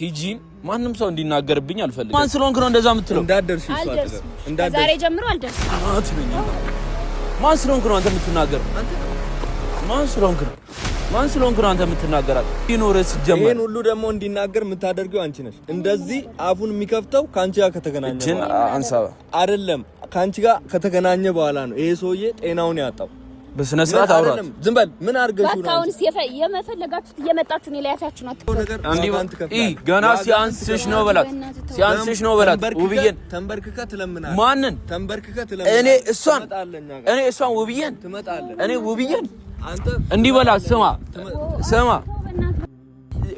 ቲጂን ማንም ሰው እንዲናገርብኝ አልፈልግም። ማን ስለሆንክ ነው እንደዛ የምትለው? እንዳደርሽ ዛሬ ጀምሮ አልደርስም። ማን ስለሆንክ ነው አንተ የምትናገር? ማን ስለሆንክ ነው? ማን ስለሆንክ ነው አንተ የምትናገራት? ይኖርህ ሲጀመር ይሄን ሁሉ ደግሞ እንዲናገር የምታደርገው አንቺ ነሽ። እንደዚህ አፉን የሚከፍተው ከአንቺ ጋር ከተገናኘ እጅን አንሳ አይደለም፣ ከአንቺ ጋር ከተገናኘ በኋላ ነው ይሄ ሰውዬ ጤናውን ያጣው። በስነ ስርዓት አውራት። ዝም በል። ምን አድርገሽ ነው? አሁን የመፈለጋችሁት እየመጣችሁ ነው። ላያታችሁ ናት። ገና ሲያንስሽ ነው በላት፣ ሲያንስሽ ነው በላት። ውብዬን ተንበርክከ ትለምናለህ። ማንን ተንበርክከ ትለምናለህ? እኔ እሷን እኔ እሷን ውብዬን ትመጣለህ። እኔ ውብዬን አንተ እንዲህ በላት። ስማ ስማ፣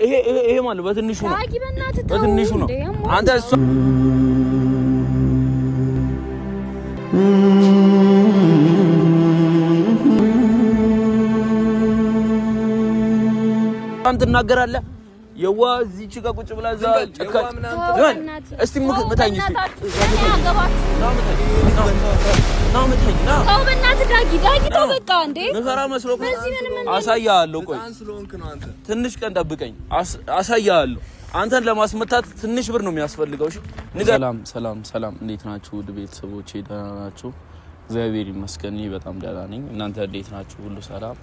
ይሄ ይሄ ማለት በትንሹ ነው፣ በትንሹ ነው አንተ እሷ በጣም ትናገራለህ። የዋ እዚህ ጋር ቁጭ ብላ እዛ እስቲ መታኝ መታኝ እስቲ ዳጊ በቃ እንዴ ንፈራ መስሎ ምታኝ አሳያለሁ። ቆይ ትንሽ ቀን ጠብቀኝ፣ አሳያለሁ። አንተን ለማስመታት ትንሽ ብር ነው የሚያስፈልገው። እሺ፣ ሰላም ሰላም ሰላም፣ እንዴት ናችሁ ውድ ቤተሰቦቼ? ደህና ናችሁ? እግዚአብሔር ይመስገን በጣም ደህና ነኝ። እናንተ እንዴት ናችሁ? ሁሉ ሰላም።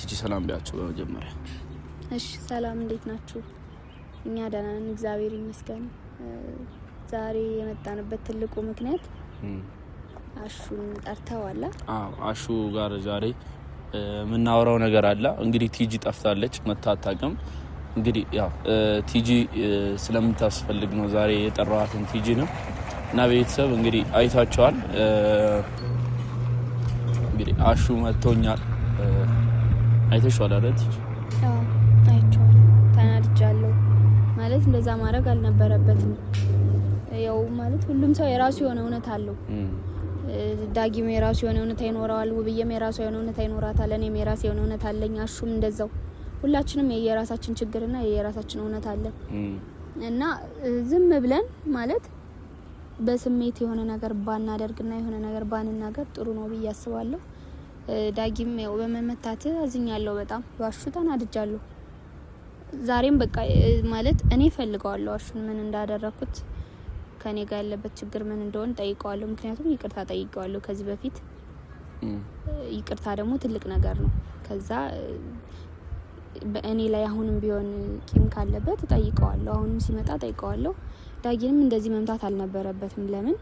ቲጂ ሰላም ቢያችሁ በመጀመሪያ እሺ ሰላም፣ እንዴት ናችሁ? እኛ ደህና ነን፣ እግዚአብሔር ይመስገን። ዛሬ የመጣንበት ትልቁ ምክንያት አሹን ጠርተው አለ። አዎ አሹ ጋር ዛሬ የምናወራው ነገር አለ። እንግዲህ ቲጂ ጠፍታለች፣ መታታቅም እንግዲህ ያው ቲጂ ስለምታስፈልግ ነው ዛሬ የጠራዋትን ቲጂ ነው እና ቤተሰብ እንግዲህ አይታቸዋል። እንግዲህ አሹ መጥቶኛል፣ አይተሽዋል አይደል ቲጂ እንደዛ ማድረግ አልነበረበትም። ያው ማለት ሁሉም ሰው የራሱ የሆነ እውነት አለው። ዳጊም የራሱ የሆነ እውነት ይኖረዋል። ውብዬም የራሱ የሆነ እውነት ይኖራታል። እኔም የራሴ የሆነ እውነት አለኝ። አሹም እንደዛው። ሁላችንም የየራሳችን ችግርና የየራሳችን እውነት አለን እና ዝም ብለን ማለት በስሜት የሆነ ነገር ባናደርግና የሆነ ነገር ባንናገር ጥሩ ነው ብዬ አስባለሁ። ዳጊም ያው በመመታት አዝኛለሁ። በጣም ባሹ ተናድጃለሁ። ዛሬም በቃ ማለት እኔ ፈልገዋለሁ አሹን ምን እንዳደረኩት ከኔ ጋር ያለበት ችግር ምን እንደሆነ ጠይቀዋለሁ። ምክንያቱም ይቅርታ ጠይቀዋለሁ ከዚህ በፊት ይቅርታ ደግሞ ትልቅ ነገር ነው። ከዛ በእኔ ላይ አሁንም ቢሆን ቂም ካለበት ጠይቀዋለሁ። አሁንም ሲመጣ ጠይቀዋለሁ። ዳጊንም እንደዚህ መምታት አልነበረበትም። ለምን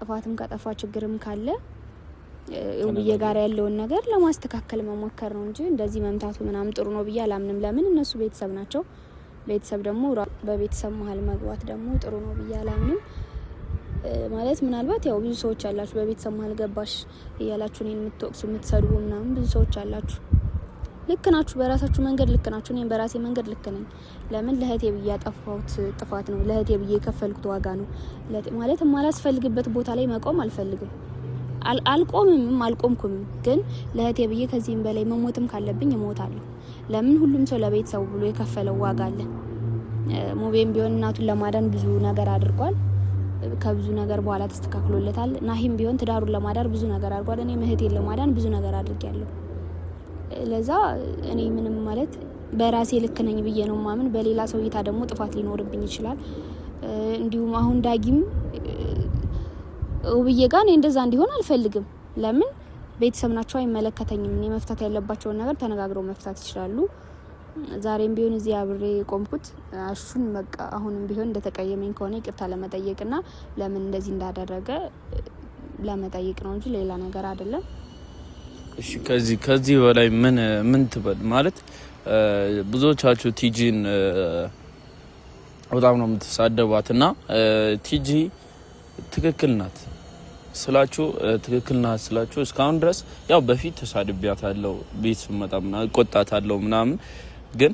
ጥፋትም ከጠፋ ችግርም ካለ ውብዬ ጋር ያለውን ነገር ለማስተካከል መሞከር ነው እንጂ እንደዚህ መምታቱ ምናምን ጥሩ ነው ብዬ አላምንም። ለምን እነሱ ቤተሰብ ናቸው። ቤተሰብ ደግሞ በቤተሰብ መሀል መግባት ደግሞ ጥሩ ነው ብዬ አላምንም። ማለት ምናልባት ያው ብዙ ሰዎች አላችሁ በቤተሰብ መሀል ገባሽ እያላችሁ እኔን የምትወቅሱ የምትሰድቡ ምናምን ብዙ ሰዎች አላችሁ። ልክ ናችሁ። በራሳችሁ መንገድ ልክ ናችሁ። እኔም በራሴ መንገድ ልክ ነኝ። ለምን ለእህቴ ብዬ ያጠፋሁት ጥፋት ነው። ለእህቴ ብዬ የከፈልኩት ዋጋ ነው። ማለት የማላስፈልግበት ቦታ ላይ መቆም አልፈልግም። አልቆምም አልቆምኩም፣ ግን ለእህቴ ብዬ ከዚህም በላይ መሞትም ካለብኝ እሞታለሁ። ለምን ሁሉም ሰው ለቤተሰቡ ብሎ የከፈለው ዋጋ አለ። ሙቤም ቢሆን እናቱን ለማዳን ብዙ ነገር አድርጓል። ከብዙ ነገር በኋላ ተስተካክሎለታል። ናሂም ቢሆን ትዳሩን ለማዳር ብዙ ነገር አድርጓል። እኔም እህቴን ለማዳን ብዙ ነገር አድርጊያለሁ። ለዛ እኔ ምንም ማለት በራሴ ልክ ነኝ ብዬ ነው ማምን። በሌላ ሰው እይታ ደግሞ ጥፋት ሊኖርብኝ ይችላል። እንዲሁም አሁን ዳጊም ውብዬ ጋር እኔ እንደዛ እንዲሆን አልፈልግም። ለምን ቤተሰብ ናቸው፣ አይመለከተኝም። እኔ መፍታት ያለባቸውን ነገር ተነጋግረው መፍታት ይችላሉ። ዛሬም ቢሆን እዚህ አብሬ የቆምኩት አሹን በቃ አሁንም ቢሆን እንደተቀየመኝ ከሆነ ይቅርታ ለመጠየቅና ለምን እንደዚህ እንዳደረገ ለመጠየቅ ነው እንጂ ሌላ ነገር አይደለም። እሺ ከዚህ ከዚህ በላይ ምን ምን ትበል ማለት ብዙዎቻችሁ ቲጂን በጣም ነው የምትሳደቧት እና ቲጂ ትክክል ናት ስላችሁ ትክክል ናት ስላችሁ እስካሁን ድረስ ያው በፊት ተሳድቢያታለሁ፣ ቤት ስመጣ እቆጣታለሁ ምናምን፣ ግን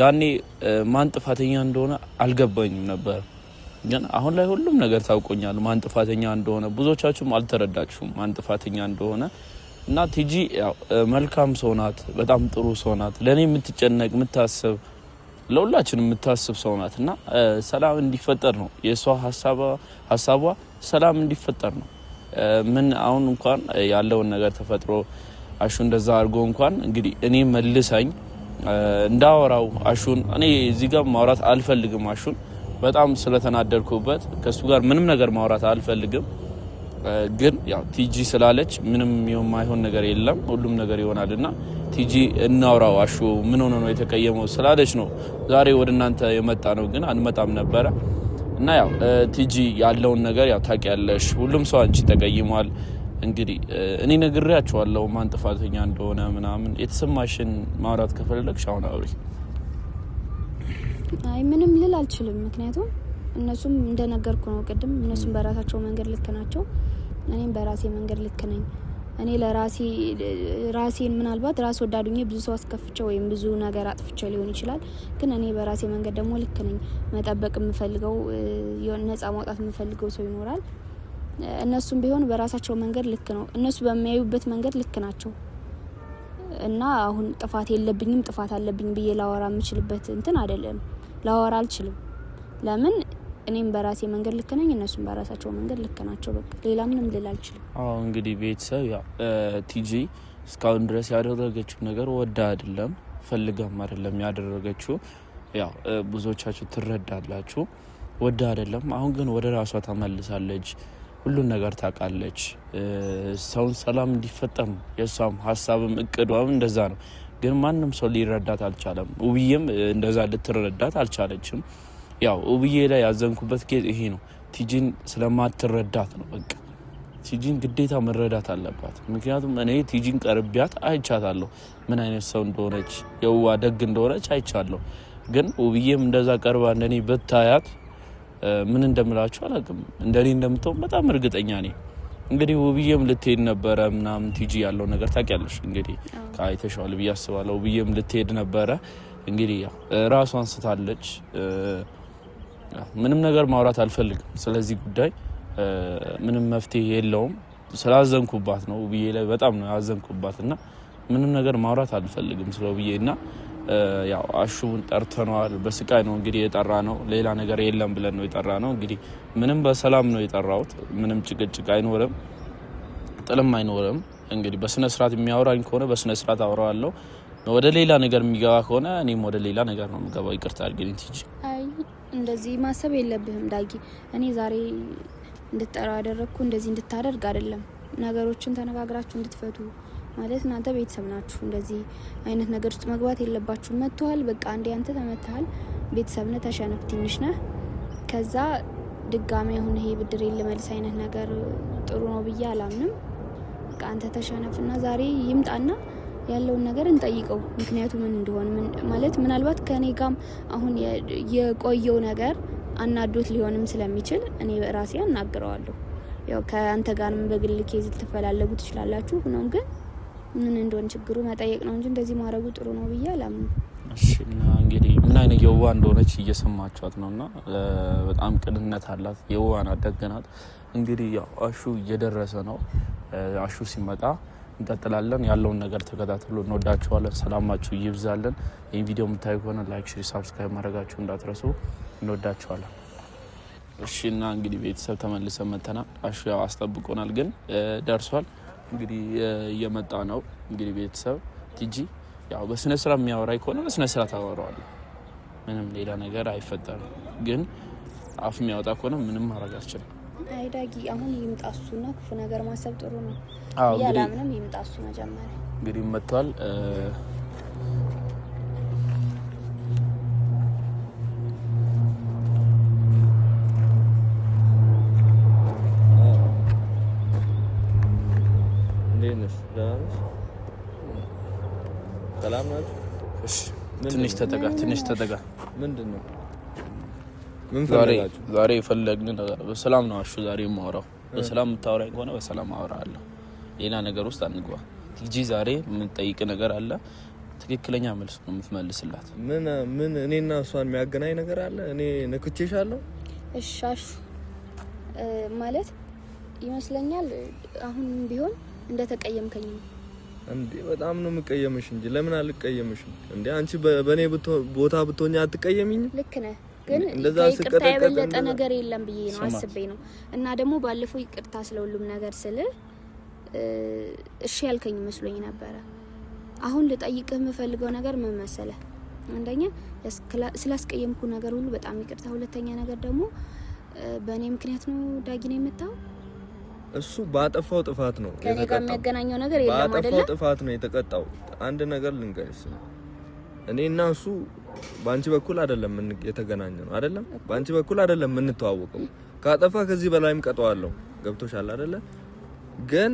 ያኔ ማን ጥፋተኛ እንደሆነ አልገባኝም ነበር። ግን አሁን ላይ ሁሉም ነገር ታውቆኛል፣ ማን ጥፋተኛ እንደሆነ። ብዙዎቻችሁም አልተረዳችሁም ማን ጥፋተኛ እንደሆነ እና ቲጂ መልካም ሰው ናት፣ በጣም ጥሩ ሰው ናት፣ ለእኔ የምትጨነቅ የምታስብ ለሁላችን የምታስብ ሰው ናት እና ሰላም እንዲፈጠር ነው የእሷ ሀሳቧ፣ ሰላም እንዲፈጠር ነው። ምን አሁን እንኳን ያለውን ነገር ተፈጥሮ አሹ እንደዛ አድርጎ እንኳን እንግዲህ እኔ መልሳኝ እንዳወራው አሹን እኔ እዚህ ጋር ማውራት አልፈልግም። አሹን በጣም ስለተናደርኩበት ከእሱ ጋር ምንም ነገር ማውራት አልፈልግም። ግን ያው ቲጂ ስላለች ምንም የማይሆን ነገር የለም፣ ሁሉም ነገር ይሆናል እና ቲጂ እናውራው አሹ ምን ሆነ ነው የተቀየመው ስላለች ነው ዛሬ ወደ እናንተ የመጣ ነው። ግን አንመጣም ነበረ እና ያው ቲጂ ያለውን ነገር ያው ታውቂያለሽ። ሁሉም ሰው አንቺ ተቀይሟል። እንግዲህ እኔ ነግሬያቸዋለሁ ማን ጥፋተኛ እንደሆነ ምናምን። የተሰማሽን ማውራት ከፈለግሽ አሁን አውሪ። አይ ምንም ልል አልችልም፣ ምክንያቱም እነሱም እንደነገርኩ ነው ቅድም። እነሱም በራሳቸው መንገድ ልክ ናቸው፣ እኔም በራሴ መንገድ ልክ ነኝ። እኔ ለራሴ ራሴን ምናልባት ራስ ወዳዱኝ ብዙ ሰው አስከፍቸው ወይም ብዙ ነገር አጥፍቸው ሊሆን ይችላል። ግን እኔ በራሴ መንገድ ደግሞ ልክ ነኝ። መጠበቅ የምፈልገው ነጻ ማውጣት የምፈልገው ሰው ይኖራል። እነሱም ቢሆን በራሳቸው መንገድ ልክ ነው። እነሱ በሚያዩበት መንገድ ልክ ናቸው እና አሁን ጥፋት የለብኝም ጥፋት አለብኝ ብዬ ላወራ የምችልበት እንትን አይደለም። ላወራ አልችልም። ለምን እኔም በራሴ መንገድ ልክ ነኝ፣ እነሱም በራሳቸው መንገድ ልክ ናቸው። በቃ ሌላ ምንም ልል አልችልም። አዎ እንግዲህ ቤተሰብ ያው ቲጂ እስካሁን ድረስ ያደረገችው ነገር ወዳ አይደለም ፈልጋም አይደለም ያደረገችው። ያው ብዙዎቻችሁ ትረዳላችሁ። ወዳ አይደለም። አሁን ግን ወደ ራሷ ተመልሳለች። ሁሉን ነገር ታውቃለች። ሰውን ሰላም እንዲፈጠም የእሷም ሀሳብም እቅዷም እንደዛ ነው። ግን ማንም ሰው ሊረዳት አልቻለም። ውብዬም እንደዛ ልትረዳት አልቻለችም። ያው ውብዬ ላይ ያዘንኩበት ጌጥ ይሄ ነው። ቲጂን ስለማትረዳት ነው። በቃ ቲጂን ግዴታ መረዳት አለባት። ምክንያቱም እኔ ቲጂን ቀርቢያት አይቻታለሁ፣ ምን አይነት ሰው እንደሆነች የዋ ደግ እንደሆነች አይቻለሁ። ግን ውብዬም እንደዛ ቀርባ እንደኔ ብታያት ምን እንደምላችሁ አላውቅም። እንደኔ እንደምትሆን በጣም እርግጠኛ ነኝ። እንግዲህ ውብዬም ልትሄድ ነበረ ምናምን ቲጂ ያለው ነገር ታውቂያለሽ። እንግዲህ ከአይተሸዋል ብዬ አስባለሁ። ውብዬም ልትሄድ ነበረ እንግዲህ ራሷን አንስታለች ምንም ነገር ማውራት አልፈልግም ስለዚህ ጉዳይ። ምንም መፍትሄ የለውም። ስላዘንኩባት ነው ውብዬ ላይ በጣም ነው ያዘንኩባት እና ምንም ነገር ማውራት አልፈልግም ስለ ውብዬ እና ያው አሹን ጠርተነዋል። በስቃይ ነው እንግዲህ የጠራ ነው ሌላ ነገር የለም ብለን ነው የጠራ ነው እንግዲህ ምንም በሰላም ነው የጠራሁት። ምንም ጭቅጭቅ አይኖርም፣ ጥልም አይኖርም። እንግዲህ በስነ ስርዓት የሚያወራኝ ከሆነ በስነ ስርዓት አውራዋለሁ። ወደ ሌላ ነገር የሚገባ ከሆነ እኔም ወደ ሌላ ነገር ነው የሚገባው። ይቅርታ አድርግልኝ ቲጂ እንደዚህ ማሰብ የለብህም ዳጊ። እኔ ዛሬ እንድትጠራው ያደረግኩ እንደዚህ እንድታደርግ አይደለም። ነገሮችን ተነጋግራችሁ እንድትፈቱ ማለት እናንተ ቤተሰብ ናችሁ። እንደዚህ አይነት ነገር ውስጥ መግባት የለባችሁ። መጥተዋል፣ በቃ አንዴ አንተ ተመትሃል፣ ቤተሰብ ነህ፣ ተሸነፍ፣ ትንሽ ነህ። ከዛ ድጋሚ አሁን ይሄ ብድር ልመልስ አይነት ነገር ጥሩ ነው ብዬ አላምንም። በቃ አንተ ተሸነፍና ዛሬ ይምጣና ያለውን ነገር እንጠይቀው። ምክንያቱ ምን እንደሆነ ማለት ምናልባት ከእኔ ጋም አሁን የቆየው ነገር አናዶት ሊሆንም ስለሚችል እኔ ራሴ አናግረዋለሁ። ያው ከአንተ ጋርም በግል ኬዝ ልትፈላለጉ ትችላላችሁ። ሆኖም ግን ምን እንደሆነ ችግሩ መጠየቅ ነው እንጂ እንደዚህ ማድረጉ ጥሩ ነው ብዬ አላምንም። እሺ እና እንግዲህ ምን አይነት የዋ እንደሆነች እየሰማችኋት ነው። እና በጣም ቅንነት አላት፣ የዋ ናት፣ ደግ ናት። እንግዲህ ያው አሹ እየደረሰ ነው። አሹ ሲመጣ እንቀጥላለን። ያለውን ነገር ተከታተሉ። እንወዳችኋለን። ሰላማችሁ ይብዛለን። ይህን ቪዲዮ የምታዩ ከሆነ ላይክ፣ ሼር፣ ሳብስክራይብ ማድረጋችሁ እንዳትረሱ። እንወዳችኋለን። እሺ እና እንግዲህ ቤተሰብ ተመልሰን መተናል። ያው አስጠብቆናል ግን ደርሷል። እንግዲህ እየመጣ ነው። እንግዲህ ቤተሰብ ቲጂ ያው በስነ ስራ የሚያወራ ከሆነ በስነ ስራ ታወራዋለህ። ምንም ሌላ ነገር አይፈጠርም። ግን አፍ የሚያወጣ ከሆነ ምንም ማድረግ አልችልም። አይዳጊ አሁን እና ክፉ ነገር ማሰብ ጥሩ ነው። ያላምንም ይምጣሱ መጀመሪያ እንግዲህ መጥቷል። ሰላም ትንሽ ተጠጋ፣ ትንሽ ተጠጋ። ምንድን ነው ዛሬ የፈለግን ነገር በሰላም ነው አሹ። ዛሬ የማወራው በሰላም የምታወራኝ ከሆነ በሰላም አወራ አለሁ። ሌላ ነገር ውስጥ አንግባ። ቲጂ ዛሬ የምንጠይቅ ነገር አለ። ትክክለኛ መልስ ነው የምትመልስላት። ምን ምን እኔና እሷን የሚያገናኝ ነገር አለ? እኔ ንክቼሻለሁ? እሺ አሹ ማለት ይመስለኛል አሁን ቢሆን እንደተቀየምከኝ ነው። እንዴ በጣም ነው የምቀየምሽ እንጂ ለምን አልቀየምሽም? እንዴ አንቺ በእኔ ቦታ ብትሆኛ አትቀየሚኝም? ልክ ነህ። ግን ይቅርታ የበለጠ ነገር የለም ብዬ ነው አስቤ ነው። እና ደግሞ ባለፈው ይቅርታ ሁሉም ነገር ስል እሺ ያልከኝ መስሎኝ ነበረ። አሁን ልጠይቅህ የምፈልገው ነገር ምን መሰለ? አንደኛ ስላስቀየምኩ ነገር ሁሉ በጣም ይቅርታ። ሁለተኛ ነገር ደግሞ በእኔ ምክንያት ነው ዳጊ ነው የመጣው። እሱ ባጠፋው ጥፋት ነው ከኔ ጋር የሚያገናኘው ነገር የለም። ባጠፋው ጥፋት ነው የተቀጣው። አንድ ነገር ልንገርሽ ነው እኔ እና እሱ በአንቺ በኩል አይደለም የተገናኘ ነው አይደለም፣ በአንቺ በኩል አይደለም የምንተዋወቀው። ካጠፋ ከዚህ በላይም ቀጠዋለሁ። ገብቶሻል አይደለ? ግን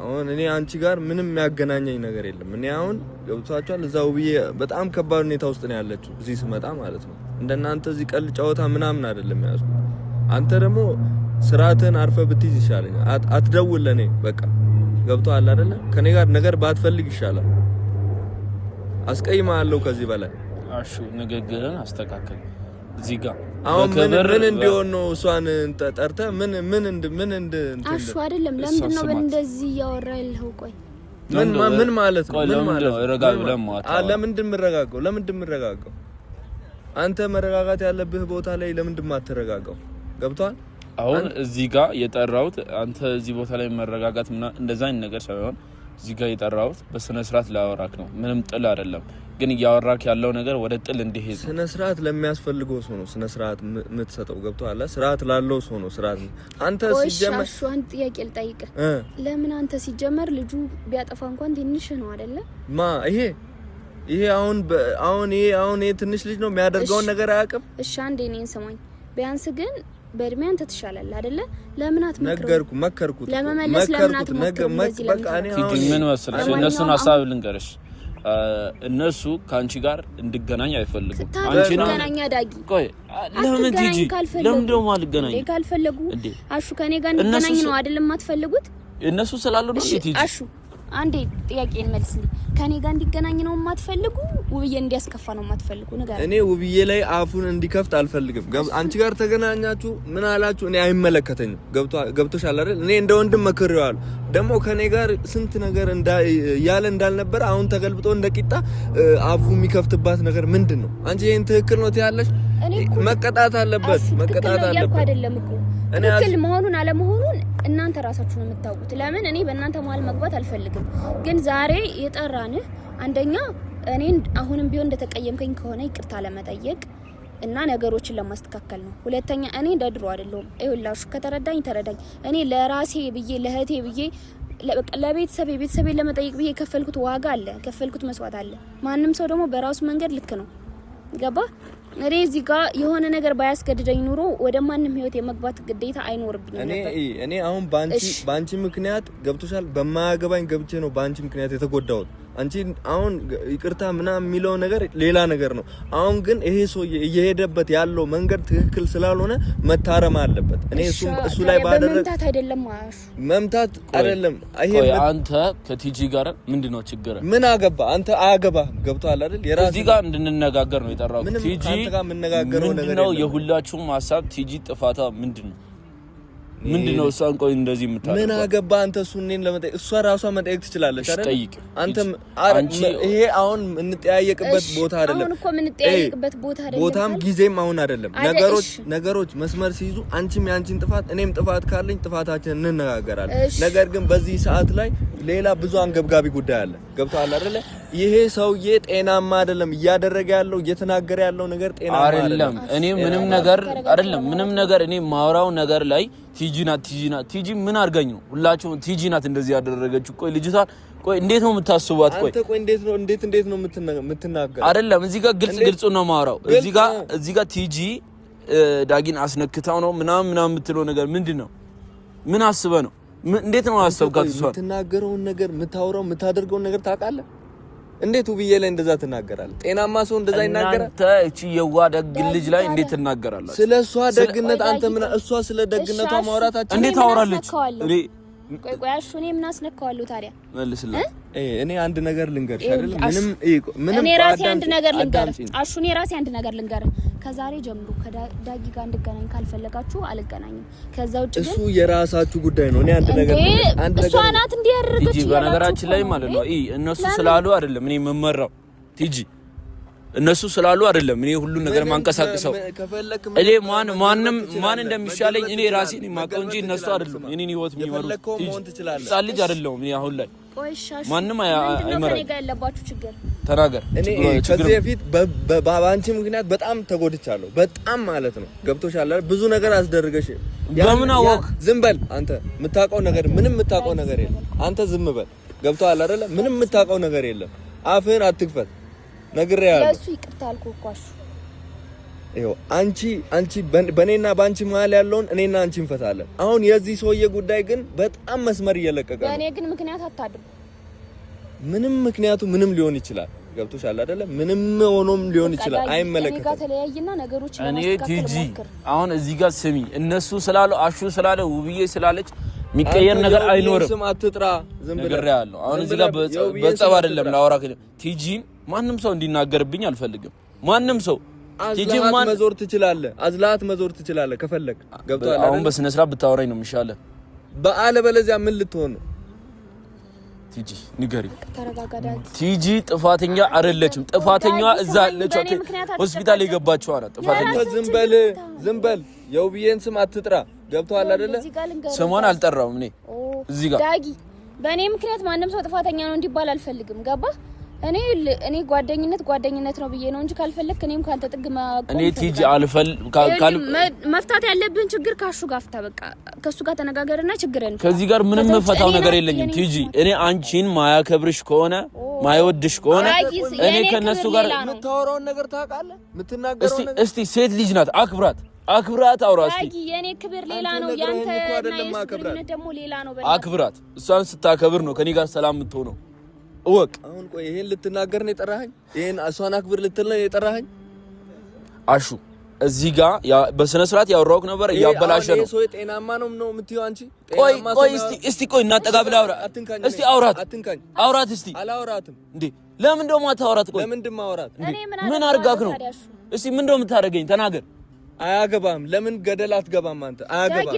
አሁን እኔ አንቺ ጋር ምንም የሚያገናኘኝ ነገር የለም። እኔ አሁን ገብቷቸዋል። እዛው ውብዬ በጣም ከባድ ሁኔታ ውስጥ ነው ያለችው፣ እዚህ ስመጣ ማለት ነው። እንደናንተ እዚህ ቀል ጨዋታ ምናምን አይደለም ያዝኩት። አንተ ደግሞ ስርዓትን አርፈ ብትይዝ ይሻለኛል። አትደውል ለእኔ በቃ ገብቷል አይደለ? ከኔ ጋር ነገር ባትፈልግ ይሻላል። አስቀይማለሁ ከዚህ በላይ አሹ ንግግርን አስተካክል። እዚህ ጋር አሁን ምን እንዲሆን ነው እሷን ጠርተህ ምን ምን እንድ ምን እንድ አሹ አይደለም። ለምንድን ነው እንደዚህ እያወራ ያለው? ቆይ ምን ምን ማለት ነው? ምን ማለት ነው? ረጋ ብለን አ አለ። ለምንድን የምረጋጋው? ለምንድን የምረጋጋው? አንተ መረጋጋት ያለብህ ቦታ ላይ ለምንድን የማትረጋጋው? ገብቷል? አሁን እዚህ ጋር የጠራሁት አንተ እዚህ ቦታ ላይ መረጋጋት ምናምን እንደዛ ነገር ሳይሆን እዚህ ጋር የጠራሁት በስነ ስርዓት ላወራክ ነው። ምንም ጥል አይደለም፣ ግን እያወራክ ያለው ነገር ወደ ጥል እንዲሄድ ስነ ስርዓት ለሚያስፈልገው ሰው ነው ስነ ስርዓት የምትሰጠው። ገብቶሃል? ስርዓት ላለው ሰው ነው ስርዓት። አንተ ሲጀመር እሺ፣ አንድ ጥያቄ ልጠይቅ። ለምን አንተ ሲጀመር ልጁ ቢያጠፋ እንኳን ትንሽ ነው አይደለ? ማ ይሄ ይሄ አሁን አሁን ይሄ አሁን ይሄ ትንሽ ልጅ ነው የሚያደርገውን ነገር አያውቅም። እሺ፣ አንዴ እኔን ስማኝ ቢያንስ ግን በእድሜ አንተ ትሻላለህ አይደለ? ለምን አትመክረው? መከርኩ መከርኩት፣ ለመመለስ ለምን አትመክረው? ምን መሰለሽ እነሱን ሀሳብ ልንገርሽ፣ እነሱ ከአንቺ ጋር እንድገናኝ አይፈልጉም። ነው ገናኛ ዳጊ፣ ቆይ ለምን ትጂ? ለምን ደግሞ አልገናኝ ካልፈለጉ፣ አሹ ከኔ ጋር እንድገናኝ ነው አይደለም የማትፈልጉት? እነሱ ስላሉ ነው ትጂ። አሹ አንዴ ጥያቄን መልስልኝ። ከኔ ጋር እንዲገናኝ ነው የማትፈልጉ? ውብዬ እንዲያስከፋ ነው የማትፈልጉ? ንገረኝ። እኔ ውብዬ ላይ አፉን እንዲከፍት አልፈልግም። አንቺ ጋር ተገናኛችሁ ምን አላችሁ? እኔ አይመለከተኝም። ገብቶሻል አይደል? እኔ እንደ ወንድም መክሬዋለሁ። ደግሞ ከኔ ጋር ስንት ነገር እያለ እንዳልነበረ አሁን ተገልብጦ እንደ ቂጣ አፉ የሚከፍትባት ነገር ምንድን ነው? አንቺ ይህን ትክክል ነው ትያለሽ? መቀጣት አለበት። መቀጣት አለበት አይደለም እኮ ትክክል መሆኑን አለመሆኑን እናንተ ራሳችሁ ነው የምታውቁት። ለምን እኔ በእናንተ መሀል መግባት አልፈልግም። ግን ዛሬ የጠራንህ አንደኛ እኔን አሁንም ቢሆን እንደተቀየምከኝ ከሆነ ይቅርታ ለመጠየቅ እና ነገሮችን ለማስተካከል ነው። ሁለተኛ እኔ እንደ ድሮ አይደለሁም። ይኸውላችሁ ከተረዳኝ ተረዳኝ። እኔ ለራሴ ብዬ ለእህቴ ብዬ ለቤተሰቤ ቤተሰቤን ለመጠየቅ ብዬ የከፈልኩት ዋጋ አለ፣ የከፈልኩት መስዋዕት አለ። ማንም ሰው ደግሞ በራሱ መንገድ ልክ ነው። ገባ እኔ እዚህ ጋር የሆነ ነገር ባያስገድደኝ ኑሮ ወደ ማንም ህይወት የመግባት ግዴታ አይኖርብኝ ነበር። እኔ አሁን በአንቺ ምክንያት ገብቶሻል። በማያገባኝ ገብቼ ነው በአንቺ ምክንያት የተጎዳሁት። አንቺ አሁን ይቅርታ ምናምን የሚለው ነገር ሌላ ነገር ነው። አሁን ግን ይሄ ሰው እየሄደበት ያለው መንገድ ትክክል ስላልሆነ መታረም አለበት። እኔ እሱ እሱ ላይ መምታት አይደለም መምታት አይደለም። ይሄ አንተ ከቲጂ ጋር ምንድነው ችግር? ምን አገባ አንተ አገባ ገብቷል አይደል? የራስህ እዚህ ጋር እንድንነጋገር ነው የጠራሁት። ቲጂ ምንድን ነው የሁላችሁም ሀሳብ ቲጂ ጥፋታ ምንድነው? ምንድን ነው እሷን? ቆይ እንደዚህ የምታደርገው ምን አገባ አንተ? እሱ እኔን ለመጠየቅ እሷ ራሷ መጠየቅ ትችላለች አይደል? አንተም። ይሄ አሁን የምንጠያየቅበት ቦታ አይደለም። አሁን እኮ የምንጠያየቅበት ቦታ አይደለም። ቦታም ጊዜም አሁን አይደለም። ነገሮች ነገሮች መስመር ሲይዙ አንቺም የአንቺን ጥፋት እኔም ጥፋት ካለኝ ጥፋታችን እንነጋገራለን። ነገር ግን በዚህ ሰዓት ላይ ሌላ ብዙ አንገብጋቢ ጉዳይ አለ። ገብቶሃል አይደለ? ይሄ ሰውዬ ጤናማ አይደለም። እያደረገ ያለው እየተናገረ ያለው ነገር ጤናማ አይደለም። እኔ ምንም ነገር አይደለም ምንም ነገር እኔ ማውራው ነገር ላይ ቲጂ ናት፣ ቲጂ ናት። ቲጂ ምን አድርጋኝ ነው? ሁላችሁ ቲጂ ናት እንደዚህ ያደረገችው። ቆይ ልጅቷን ቆይ እንዴት ነው የምታስቧት? ቆይ አንተ ቆይ እንዴት ነው እንዴት እንዴት ነው የምትናገር? አይደለም እዚህ ጋር ግልጽ ግልጽ ነው የማወራው። እዚህ ጋር እዚህ ጋር ቲጂ ዳጊን አስነክታው ነው ምናምን ምናምን የምትለው ነገር ምንድን ነው? ምን አስበህ ነው? እንዴት ነው ያሰብካት? እሷን የምትናገረውን ነገር የምታወራው የምታደርገውን ነገር ታውቃለህ? እንዴት ውብዬ ላይ እንደዛ ትናገራለ ጤናማ ሰው እንደዛ ይናገራል? አንተ እቺ የዋ ደግ ልጅ ላይ እንዴት ትናገራለህ? ስለ እሷ ደግነት አንተ ምን እሷ ስለ ደግነቷ ማውራታችን እንዴት ታወራለች? ቆይ ቆይ፣ አሹ እኔ ምን አስነካዋለሁ ታዲያ? መልስልኝ። እኔ አንድ ነገር ልንገርሽ አይደል? ምንም ምንም እኔ ራሴ አንድ ነገር ልንገርሽ አሹ፣ እኔ ራሴ አንድ ነገር ልንገርሽ። ከዛሬ ጀምሮ ከዳጊ ጋር እንድገናኝ ካልፈለጋችሁ አልገናኝም። ከዛ ውጭ እሱ የራሳችሁ ጉዳይ ነው። እኔ አንድ ነገር አንድ ነገር እሷ ናት እንዲያደርገች። በነገራችን ላይ ማለት ነው እነሱ ስላሉ አይደለም እኔ መመራው ቲጂ እነሱ ስላሉ አይደለም እኔ ሁሉን ነገር ማንቀሳቀሰው። እኔ ማን ማንም ማን እንደሚሻለኝ እኔ ራሴን ነኝ የማውቀው እንጂ እነሱ አይደሉም እኔን ህይወት የሚመሩ። ህፃን ልጅ አይደለሁም እኔ አሁን ላይ ማንም አይመራም። ተናገር። ከዚህ በፊት በአንቺ ምክንያት በጣም ተጎድቻለሁ። በጣም ማለት ነው ገብቶሻል። ብዙ ነገር አስደርገሽ በምን አወቅ? ዝም በል አንተ። የምታውቀው ነገር ምንም የምታውቀው ነገር የለም። አንተ ዝም በል ገብቶሃል አይደለ? ምንም የምታውቀው ነገር የለም። አፍህን አትክፈት ነግሬያለሁ። ለእሱ ይቅርታ አልኩህ እኮ አሹ። አንቺ አንቺ በእኔና በአንቺ መሀል ያለውን እኔና አንቺ እንፈታለን። አሁን የዚህ ሰውዬ ጉዳይ ግን በጣም መስመር እየለቀቀ ነው። እኔ ግን ምክንያት አታድርጉ። ምንም ምክንያቱ ምንም ሊሆን ይችላል። ገብቶሻል አይደለ? ምንም ሆኖም ሊሆን ይችላል። አይመለከትም። እኔ ቲጂ አሁን እዚህ ጋር ስሚ፣ እነሱ ስላሉ አሹ ስላለ ውብዬ ስላለች የሚቀየር ነገር አይኖርም። ስም አትጥራ። ዝም ብለህ አሁን እዚህ ጋር በጸብ አይደለም ላወራ ቲጂን ማንም ሰው እንዲናገርብኝ አልፈልግም። ማንም ሰው አዝላት መዞር ትችላለህ፣ አዝላት መዞር ትችላለህ ከፈለግ ገብቶሃል። አሁን በስነ ስርዓት ብታወራኝ ነው የሚሻለህ። በአለ በለዚያ ምን ልትሆን ነው? ቲጂ ንገሪ። ቲጂ ጥፋተኛ አይደለችም። ጥፋተኛ እዛ አለችው ሆስፒታል የገባችው አራ ጥፋተኛ። ዝም በል ዝም በል፣ የውብዬን ስም አትጥራ። ገብቶሃል አይደለ? ስሟን አልጠራውም እኔ እዚህ ጋር ዳጊ። በእኔ ምክንያት ማንም ሰው ጥፋተኛ ነው እንዲባል አልፈልግም። ገባ እኔ እኔ ጓደኝነት ጓደኝነት ነው ብዬ ነው እንጂ ካልፈለክ እኔም ካንተ ጥግ እኔ ቲጂ አልፈል መፍታት ያለብን ችግር ካሹ ጋር ፍታ። በቃ ከሱ ጋር ተነጋገርና ችግር ነው። ከዚህ ጋር ምንም መፈታው ነገር የለኝም ቲጂ። እኔ አንቺን ማያከብርሽ ከሆነ ማይወድሽ ከሆነ እኔ ከነሱ ጋር የምታወራውን ነገር ታውቃለህ፣ የምትናገረው እስቲ እስቲ ሴት ልጅ ናት፣ አክብራት አክብራት አውራ እስቲ። የኔ ክብር ሌላ ነው፣ ያንተ ደግሞ ሌላ ነው። አክብራት። እሷን ስታከብር ነው ከኔ ጋር ሰላም የምትሆነው። እወቅ። አሁን ቆይ ይሄን ልትናገር ነው የጠራኸኝ? ይሄን እሷን አክብር ልትል ነው የጠራኸኝ? አሹ እዚህ ጋ በስነ ስርዓት ያወራሁህ ነበር። እያበላሸ ነው። ሰው ጤናማ ነው ነው የምትይው አንቺ? ቆይ ቆይ፣ እስቲ እስቲ ቆይ፣ እናጠጋብላ አውራ እስቲ አውራት፣ አውራት እስቲ። አላውራትም እንዴ? ለምን እንደውም አታውራት? ቆይ ለምን እንደማውራት ምን አርጋክ ነው? እስቲ ምን እንደውም የምታደርገኝ ተናገር። አያገባም። ለምን ገደል አትገባም አንተ? አያገባም።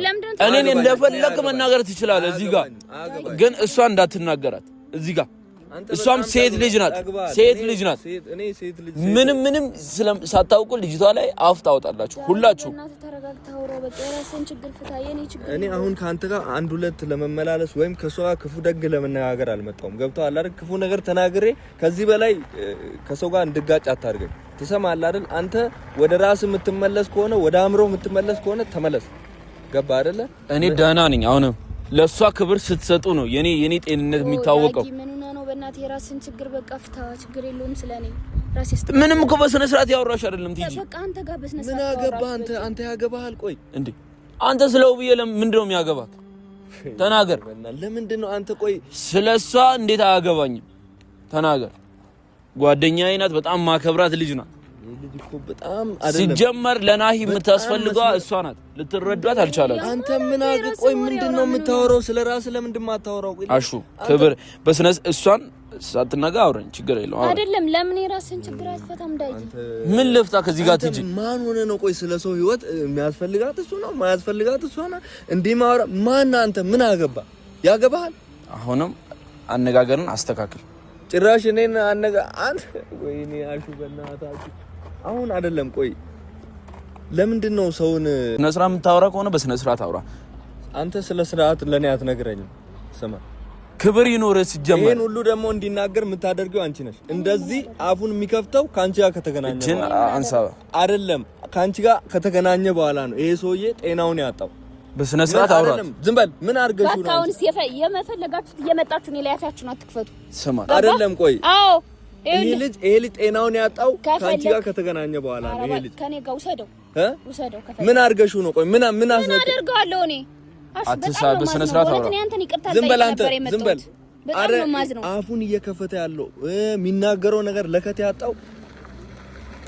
እኔን እንደፈለክ መናገር ትችላለህ። እዚህ ጋ ግን እሷ እንዳትናገራት እዚህ ጋር እሷም ሴት ልጅ ናት። ሴት ልጅ ናት። ምንም ምንም ሳታውቁ ልጅቷ ላይ አፍ ታወጣላችሁ ሁላችሁ። እኔ አሁን ከአንተ ጋር አንድ ሁለት ለመመላለስ ወይም ከሷ ክፉ ደግ ለመነጋገር አልመጣሁም። ገብቶሃል አይደል? ክፉ ነገር ተናግሬ ከዚህ በላይ ከሰው ጋር እንድጋጭ አታድርገኝ። ትሰማለህ አይደል? አንተ ወደ ራስ የምትመለስ ከሆነ ወደ አእምሮ የምትመለስ ከሆነ ተመለስ። ገባ አይደለ? እኔ ደህና ነኝ። አሁንም ለእሷ ክብር ስትሰጡ ነው የኔ የኔ ጤንነት የሚታወቀው። እናት የራስን ችግር በቃ ፍታ፣ ችግር የለውም ስለኔ ምንም እኮ በስነ ስርዓት ያወራሽ አይደለም ትይ። በቃ አንተ ጋር በስነ ስርዓት ምን አገባ አንተ አንተ ያገባሃል። ቆይ እንዴ አንተ ስለ ውብዬ ለምንድን ነው የሚያገባት? ተናገር። ለምንድን ነው አንተ? ቆይ ስለሷ እንዴት አያገባኝም? ተናገር። ጓደኛዬ ናት፣ በጣም ማከብራት ልጅ ናት። ሲጀመር ለናሂ የምታስፈልገ እሷ ናት። ልትረዷት አልቻላችሁ። አንተ ምን አቅ ቆይ፣ ምንድን ነው የምታወራው? ስለ ራስ ለምንድን ማታወራው? አሹ ክብር በስነ እሷን ሳትነጋ አውረን ችግር የለው አይደለም። ለምን የራስን ችግር አትፈታም? ዳይ ምን ለፍታ ከዚህ ጋር ትጂ ማን ሆነ ነው? ቆይ ስለ ሰው ህይወት የሚያስፈልጋት እሱ ነው፣ የማያስፈልጋት እሷ ናት። እንዲህ ማውራ ማን? አንተ ምን አገባ? ያገባሃል። አሁንም አነጋገርን አስተካክል። ጭራሽ እኔን አነጋ አንተ ወይኔ አሹ በእናታችሁ አሁን አይደለም። ቆይ ለምንድን ነው ሰውን ስነ ስርዓት የምታወራ ከሆነ በስነ ስርዓት አውራ። አንተ ስለ ስርዓት ለእኔ አትነግረኝም። ስማ ክብር ይኖርህ። ሲጀመር ይህን ሁሉ ደግሞ እንዲናገር የምታደርገው አንቺ ነሽ። እንደዚህ አፉን የሚከፍተው ከአንቺ ጋር ከተገናኘ አንሳ አይደለም፣ ከአንቺ ጋር ከተገናኘ በኋላ ነው ይሄ ሰውዬ ጤናውን ያጣው። በስነ ስርዓት አውራት። ዝም በል። ምን አድርገሽ ነው? የመፈለጋችሁት እየመጣችሁ እኔ ላይ አፋችሁን አትክፈቱ። ስማ አይደለም። ቆይ አዎ ይሄ ልጅ ይሄ ልጅ ጤናውን ያጣው ከአንቺ ጋር ከተገናኘ በኋላ ነው። ይሄ ልጅ ከኔ ጋር ውሰደው እ ውሰደው ከፈለክ ምን አድርገሽው ነው? ቆይ ምን ምን አስነቅ ምን አደርገዋለሁ እኔ አትሳ በስነ ስርዓት አውራ ዝም በል አንተ ዝም በል። አረ አፉን እየከፈተ ያለው የሚናገረው ነገር ለከት ያጣው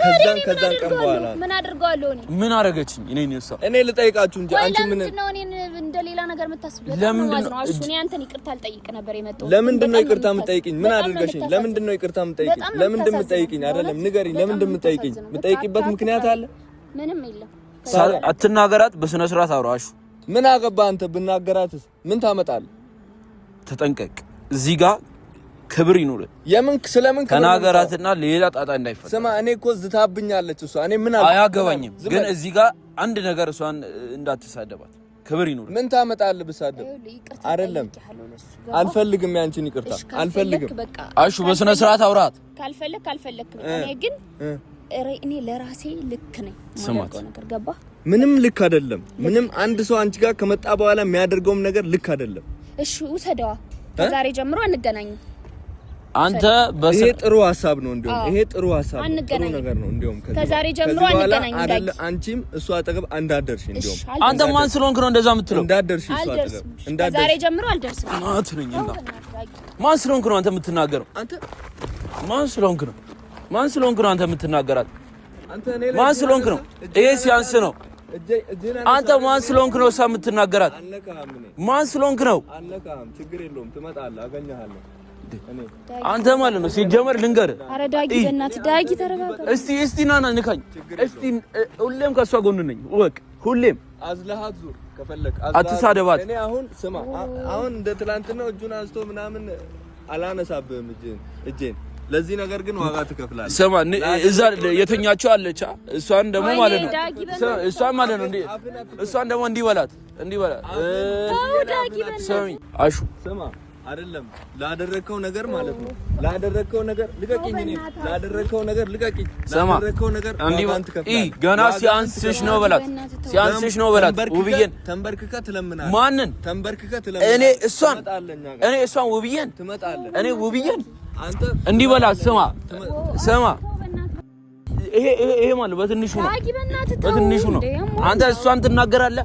ከዛን ከዛን ቀን በኋላ ምን አድርገዋለሁ? እኔ ምን አደረገችኝ? እኔ ነው እሷ እኔ ልጠይቃችሁ እንጂ አንቺ ምን ነው እኔ እንደ ሌላ ነገር የምታስብ ለምን ነው? እሱ? እኔ አንተን ይቅርታ ልጠይቅ ነበር የመጣሁት። ለምንድን ነው ይቅርታ የምጠይቅኝ? ምን አደረገሽኝ? ለምንድን ነው ይቅርታ የምጠይቅኝ? ለምንድን የምጠይቅኝ? አይደለም ንገሪኝ፣ ለምንድን የምጠይቅኝ? የምጠይቅበት ምክንያት አለ? ምንም የለም። አትናገራት፣ በስነ ስርዓት አውራሽ። ምን አገባ አንተ ብናገራትስ ምን ታመጣለህ? ተጠንቀቅ እዚህ ጋር ክብር ይኑር። የምን ስለምን ተናገራትና ሌላ ጣጣ እንዳይፈጠር። ስማ እኔ እኮ ዝታብኛለች እሷ። እኔ ምን አያገባኝም፣ ግን እዚህ ጋር አንድ ነገር እሷን እንዳትሳደባት ክብር ይኑር። ምን ታመጣልህ ብሳደብ? አይደለም አልፈልግም፣ ያንቺን ይቅርታ አልፈልግም። አሹ በስነ ስርዓት አውራት። ካልፈለክ ካልፈለክ እኔ ግን እኔ ለራሴ ልክ ነኝ። ስማት ነገር ገባ? ምንም ልክ አይደለም። ምንም አንድ ሰው አንቺ ጋር ከመጣ በኋላ የሚያደርገውም ነገር ልክ አይደለም። እሺ ውሰደዋ። ከዛሬ ጀምሮ አንገናኝም። አንተ ይሄ ጥሩ ሀሳብ ነው። እንደውም ይሄ ጥሩ ሀሳብ ጥሩ ነገር ነው። እንደውም ከዛሬ ጀምሮ አንገናኝ እንዳል አንቺም እሱ አጠገብ እንዳደርሽ። እንደውም አንተ ማን ስለሆንክ ነው እንደዛ የምትለው? እንዳደርሽ እሱ አጠገብ እንዳደርሽ። ከዛሬ ጀምሮ አልደርስም። እናት ነኝ እና ማን ስለሆንክ ነው አንተ የምትናገረው? አንተ ማን ስለሆንክ ነው? ማን ስለሆንክ ነው አንተ የምትናገራት? ማን ስለሆንክ ነው? ይሄ ሲያንስ ነው። አንተ ማን ስለሆንክ ነው እሷ የምትናገራት? ማን ስለሆንክ ነው? አለካም ችግር የለውም። ትመጣለህ፣ አገኛለሁ አንተ ማለት ነው ሲጀመር ልንገር፣ ኧረ ዳጊ በእናትህ ዳጊ ተረጋጋ። እስቲ እስቲ ናና ንካኝ እስቲ። ሁሌም ከእሷ ጎን ነኝ ወቅ ሁሌም አዝለሃት ዙር ከፈለክ አትሳደባት። እኔ አሁን ስማ፣ አሁን እንደ ትላንትናው እጁን አንስቶ ምናምን አላነሳብህም እጄን እጄን ለዚህ ነገር ግን ዋጋ ትከፍላለህ። ስማ እዛ የተኛችው አለቻ እሷን ደግሞ ማለት ነው እሷን ማለት ነው እሷን ደግሞ እንዲበላት በላት እንዲህ አሹ ስማ አይደለም ላደረከው ነገር ማለት ነው። ላደረከው ነገር ልቀቂኝ፣ እኔ ላደረከው ነገር ልቀቂኝ። ላደረከው ነገር ገና ሲያንስሽ ነው በላት፣ ሲያንስሽ ነው በላት። ውብዬን ተንበርክከ ትለምናለህ። ማንን ተንበርክከ ትለምናለህ? እኔ እሷን እኔ እሷን ውብዬን ትመጣለህ። እኔ ውብዬን አንተ እንዲህ በላት። ስማ ስማ ይሄ ይሄ ማለት በትንሹ ነው፣ በትንሹ ነው። አንተ እሷን ትናገራለህ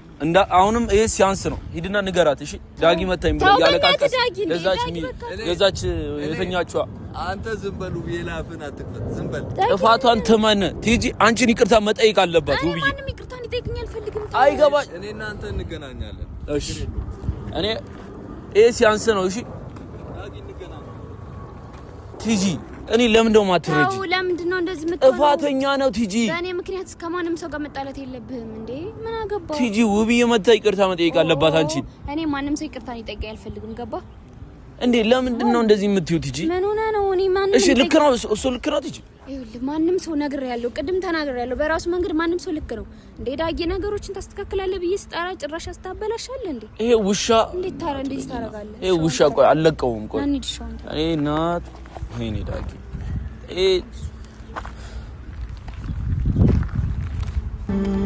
እንዳ አሁንም ይሄ ሲያንስ ነው። ሂድና ንገራት። እሺ ዳጊ መታኝ ብሎ ያለቃቀስ ለዛች ለዛች የተኛችዋ አንተ ዝም በል ውብዬ፣ ላፍን አትክፈት። ዝም በል ጥፋቷን ትመን ቲጂ አንቺን ይቅርታ መጠየቅ አለባት ውብዬ። አይገባሽ። እኔ እና አንተ እንገናኛለን። እሺ እኔ ይሄ ሲያንስ ነው። እሺ ዳጊ ቲጂ እኔ ለምን ደው ማትረጂ? ለምንድን ነው እንደዚህ የምትሆነው? ጥፋተኛ ነው ቲጂ። በእኔ ምክንያት ከማንም ሰው ጋር መጣላት የለብህም እንዴ። ምን አገባው ቲጂ። ውብ የመጣ ይቅርታ መጠየቅ አለባት አንቺ። እኔ ማንም ሰው ይቅርታ ይጠይቅ አልፈልግም። ገባ እንዴ? ለምንድን ነው እንደዚህ የምትዩ ቲጂ? ምን ሆነ ነው? እኔ ማንም እሺ፣ ልክ ነው እሱ ልክ ነው ቲጂ። ይኸውልህ ማንም ሰው ነግሬያለሁ፣ ቅድም ያለው በራሱ መንገድ ማንም ሰው ልክ ነው እንዴ። ዳጌ ነገሮችን ታስተካክላለህ ብዬ ስጠራ ጭራሽ አስታበላሻለህ እንዴ። ይሄ ውሻ እንዴት ታረ እንደዚህ ታረጋለህ? ይሄ ውሻ ቆይ አለቀውም። ቆይ እኔ እናት ወይኔ ዳጌ it's